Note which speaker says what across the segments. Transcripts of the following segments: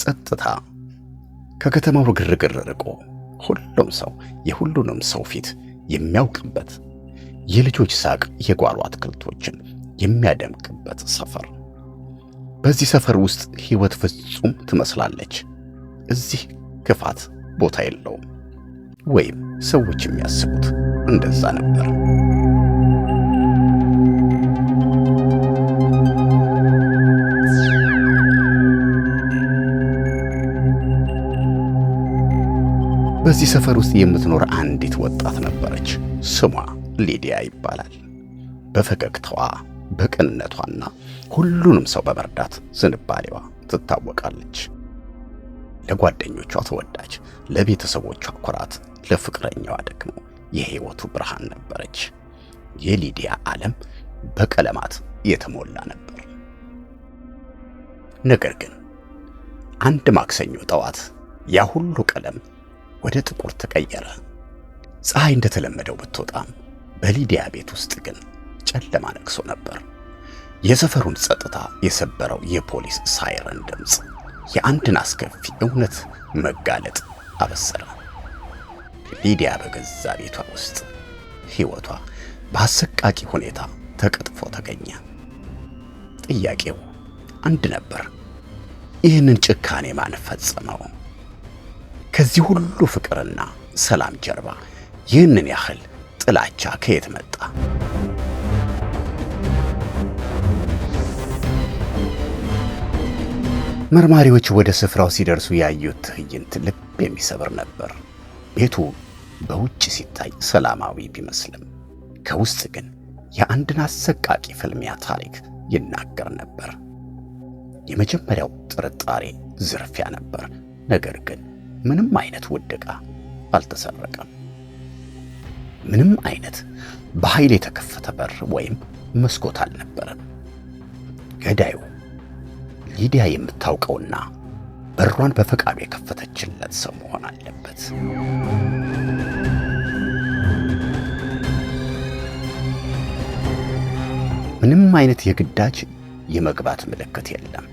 Speaker 1: ጸጥታ። ከከተማው ግርግር ርቆ ሁሉም ሰው የሁሉንም ሰው ፊት የሚያውቅበት የልጆች ሳቅ የጓሮ አትክልቶችን የሚያደምቅበት ሰፈር። በዚህ ሰፈር ውስጥ ሕይወት ፍጹም ትመስላለች። እዚህ ክፋት ቦታ የለውም፣ ወይም ሰዎች የሚያስቡት እንደዛ ነበር። በዚህ ሰፈር ውስጥ የምትኖር አንዲት ወጣት ነበረች። ስሟ ሊዲያ ይባላል። በፈገግታዋ በቅንነቷና ሁሉንም ሰው በመርዳት ዝንባሌዋ ትታወቃለች። ለጓደኞቿ ተወዳጅ፣ ለቤተሰቦቿ ኩራት፣ ለፍቅረኛዋ ደግሞ የሕይወቱ ብርሃን ነበረች። የሊዲያ ዓለም በቀለማት የተሞላ ነበር። ነገር ግን አንድ ማክሰኞ ጠዋት ያ ሁሉ ቀለም ወደ ጥቁር ተቀየረ። ፀሐይ እንደተለመደው ብትወጣም በሊዲያ ቤት ውስጥ ግን ጨለማ ነግሶ ነበር። የሰፈሩን ጸጥታ የሰበረው የፖሊስ ሳይረን ድምፅ የአንድን አስከፊ እውነት መጋለጥ አበሰረ። ሊዲያ በገዛ ቤቷ ውስጥ ሕይወቷ በአሰቃቂ ሁኔታ ተቀጥፎ ተገኘ። ጥያቄው አንድ ነበር። ይህንን ጭካኔ ማን ፈጸመው? ከዚህ ሁሉ ፍቅርና ሰላም ጀርባ ይህንን ያህል ጥላቻ ከየት መጣ? መርማሪዎች ወደ ስፍራው ሲደርሱ ያዩት ትዕይንት ልብ የሚሰብር ነበር። ቤቱ በውጭ ሲታይ ሰላማዊ ቢመስልም ከውስጥ ግን የአንድን አሰቃቂ ፍልሚያ ታሪክ ይናገር ነበር። የመጀመሪያው ጥርጣሬ ዝርፊያ ነበር። ነገር ግን ምንም አይነት ውድቃ አልተሰረቀም። ምንም አይነት በኃይል የተከፈተ በር ወይም መስኮት አልነበረም። ገዳዩ ሊዲያ የምታውቀውና በሯን በፈቃዱ የከፈተችለት ሰው መሆን አለበት። ምንም አይነት የግዳጅ የመግባት ምልክት የለም።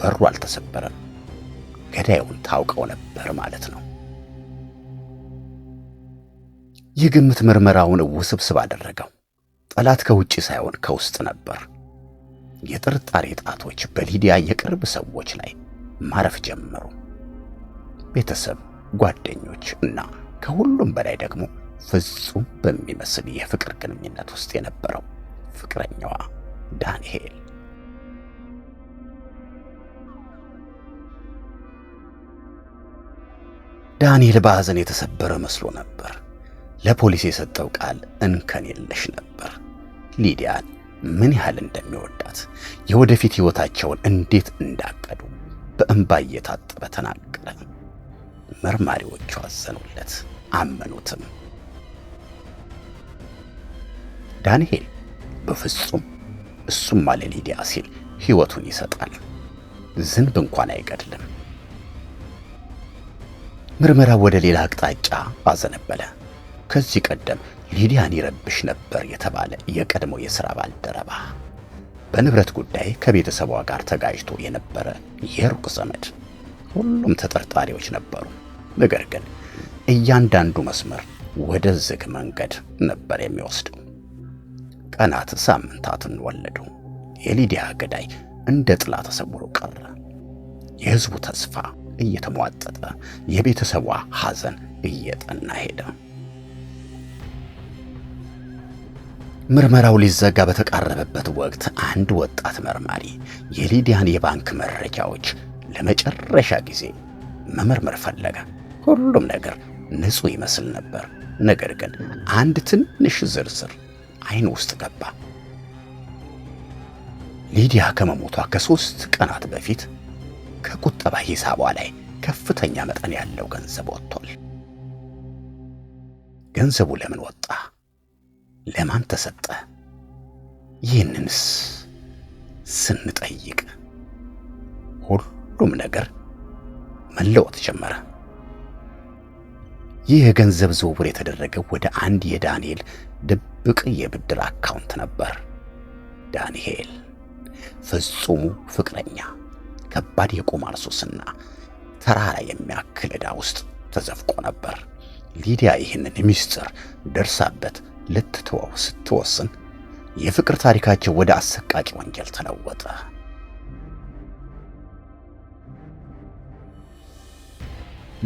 Speaker 1: በሩ አልተሰበረም። ገዳዩን ታውቀው ነበር ማለት ነው። የግምት ምርመራውን ውስብስብ አደረገው። ጠላት ከውጭ ሳይሆን ከውስጥ ነበር። የጥርጣሬ ጣቶች በሊዲያ የቅርብ ሰዎች ላይ ማረፍ ጀመሩ። ቤተሰብ፣ ጓደኞች እና ከሁሉም በላይ ደግሞ ፍጹም በሚመስል የፍቅር ግንኙነት ውስጥ የነበረው ፍቅረኛዋ ዳንኤል ዳንኤል በሐዘን የተሰበረ መስሎ ነበር። ለፖሊስ የሰጠው ቃል እንከን የለሽ ነበር። ሊዲያን ምን ያህል እንደሚወዳት የወደፊት ሕይወታቸውን እንዴት እንዳቀዱ በእንባ እየታጠበ ተናገረ። መርማሪዎቹ አዘኑለት፣ አመኑትም። ዳንኤል በፍጹም እሱም አለ ሊዲያ ሲል ሕይወቱን ይሰጣል። ዝንብ እንኳን አይገድልም። ምርመራ ወደ ሌላ አቅጣጫ አዘነበለ። ከዚህ ቀደም ሊዲያን ይረብሽ ነበር የተባለ የቀድሞ የሥራ ባልደረባ፣ በንብረት ጉዳይ ከቤተሰቧ ጋር ተጋጅቶ የነበረ የሩቅ ዘመድ፣ ሁሉም ተጠርጣሪዎች ነበሩ። ነገር ግን እያንዳንዱ መስመር ወደ ዝግ መንገድ ነበር የሚወስደው። ቀናት ሳምንታትን ወለዱ። የሊዲያ ገዳይ እንደ ጥላ ተሰውሮ ቀረ። የሕዝቡ ተስፋ እየተሟጠጠ የቤተሰቧ ሐዘን እየጠና ሄደ። ምርመራው ሊዘጋ በተቃረበበት ወቅት አንድ ወጣት መርማሪ የሊዲያን የባንክ መረጃዎች ለመጨረሻ ጊዜ መመርመር ፈለገ። ሁሉም ነገር ንጹሕ ይመስል ነበር። ነገር ግን አንድ ትንሽ ዝርዝር አይን ውስጥ ገባ። ሊዲያ ከመሞቷ ከሦስት ቀናት በፊት ከቁጠባ ሂሳቧ ላይ ከፍተኛ መጠን ያለው ገንዘብ ወጥቷል። ገንዘቡ ለምን ወጣ? ለማን ተሰጠ? ይህንንስ ስንጠይቅ ሁሉም ነገር መለወጥ ጀመረ። ይህ የገንዘብ ዝውውር የተደረገው ወደ አንድ የዳንኤል ድብቅ የብድር አካውንት ነበር። ዳንኤል ፍጹሙ ፍቅረኛ ከባድ የቁማር ሱስና ተራራ የሚያክል ዕዳ ውስጥ ተዘፍቆ ነበር። ሊዲያ ይህንን ምስጢር ደርሳበት ልትተወው ስትወስን የፍቅር ታሪካቸው ወደ አሰቃቂ ወንጀል ተለወጠ።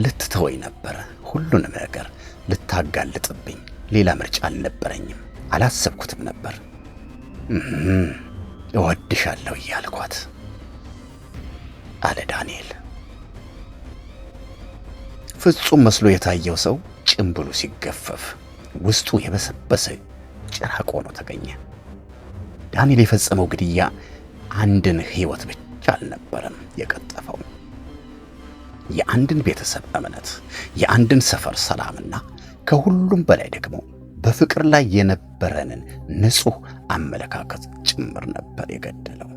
Speaker 1: ልትተወኝ ነበር፣ ሁሉንም ነገር ልታጋልጥብኝ። ሌላ ምርጫ አልነበረኝም፣ አላሰብኩትም ነበር። እወድሻለሁ እያልኳት አለ ዳንኤል። ፍጹም መስሎ የታየው ሰው ጭምብሉ ሲገፈፍ ውስጡ የበሰበሰ ጭራቅ ሆኖ ተገኘ። ዳንኤል የፈጸመው ግድያ አንድን ሕይወት ብቻ አልነበረም የቀጠፈው የአንድን ቤተሰብ እምነት፣ የአንድን ሰፈር ሰላምና ከሁሉም በላይ ደግሞ በፍቅር ላይ የነበረንን ንጹሕ አመለካከት ጭምር ነበር የገደለው።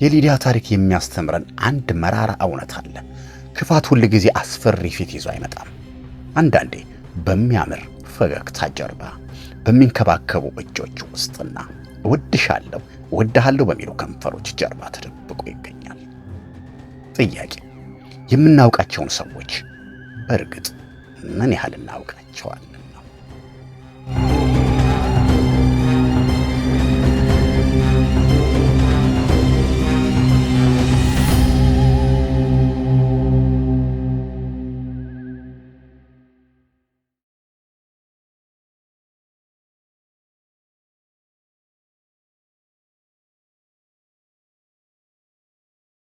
Speaker 1: የሊዲያ ታሪክ የሚያስተምረን አንድ መራራ እውነት አለ። ክፋት ሁል ጊዜ አስፈሪ ፊት ይዞ አይመጣም። አንዳንዴ በሚያምር ፈገግታ ጀርባ፣ በሚንከባከቡ እጆች ውስጥና እወድሻለሁ እወድሃለሁ በሚሉ ከንፈሮች ጀርባ ተደብቆ ይገኛል። ጥያቄ፣ የምናውቃቸውን ሰዎች በእርግጥ ምን ያህል እናውቃቸዋለን?